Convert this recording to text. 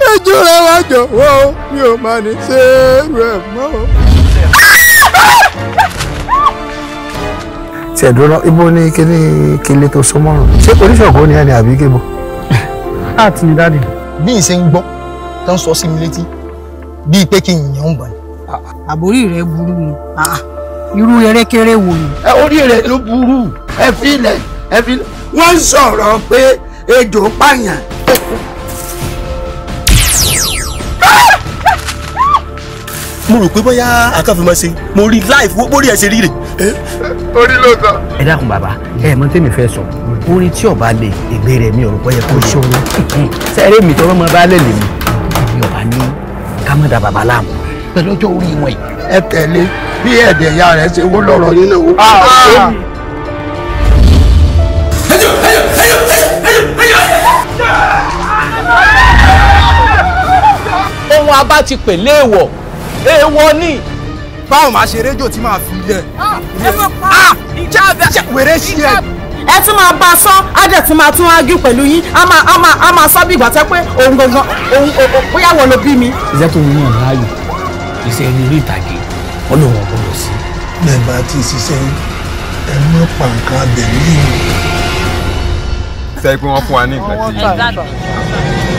ẹjọ́ rẹ wá jọ̀wọ́ mi ò máa ní ṣe èrò ẹ̀ mọ́. tiẹ̀ dúró ibo ní kíní kílé tó so mọ́rùn ṣé oníṣọ̀gbọ́n ni ẹni àbí kébò. láti ní dáàdì. bí n ṣe ń gbọ́ tó ń sọ sí mi létí bíi pé kí n yàn ń bà ní. àbórí rẹ burú ni ah, irú erékeré wo ni. orí rẹ ló burú ẹ fi ilẹ̀ ẹ fi ilẹ̀ wọ́n sọ̀rọ̀ pé ejò pààyàn. mo rò pé bóyá àkànfẹ́mọ́ ṣe mo rí live wọ́n bórí ẹ̀ ṣe rí rè. orí ló sọ. ẹ dákun bàbá ẹ mọ tẹ́mi fẹ́ sọ orin tí ọba lè ègbé rẹ̀ mi ọ̀rọ̀ pẹ́yẹ kó ṣe orin sẹ́rẹ́ mi tọ́rọ́ mọ baálẹ̀ lè mi ni ọba ní kámẹ́dà bàbá láàmú pẹ̀lú ọjọ́ orí wọn yìí. ẹ tẹ̀lé bí ẹ̀dẹ̀ ìyá rẹ̀ ṣe wó lọ́rọ̀ nínú owó. Ah! Ah! Ah! ohun abá ti pè léèwọ̀ Ewo ni. báwo máa ṣe rédíò tí màá fi lẹ. Ah, ẹ fọ pa ah, ìjà abẹ. wèrè ṣí ẹ. ẹ tún máa bá a sán á dẹ̀ tún máa tún ágí pẹ̀lú yín á máa á máa á máa sọ bí ìgbà tẹ́ pé òun gangan òun bóyá wọ́n ló bí mi. iṣẹ́ tó ń yàn láàyò iṣẹ́ ẹni orí ìtàgé ọlọ́wọ́ ọ̀gbọ́n sí. bẹ́ẹ̀ ti ṣiṣẹ́ ẹ mọ́ pàǹkà bẹ̀rẹ̀ yìí. sẹ́yìn pé wọ́n fún wa ní ìgbà tí.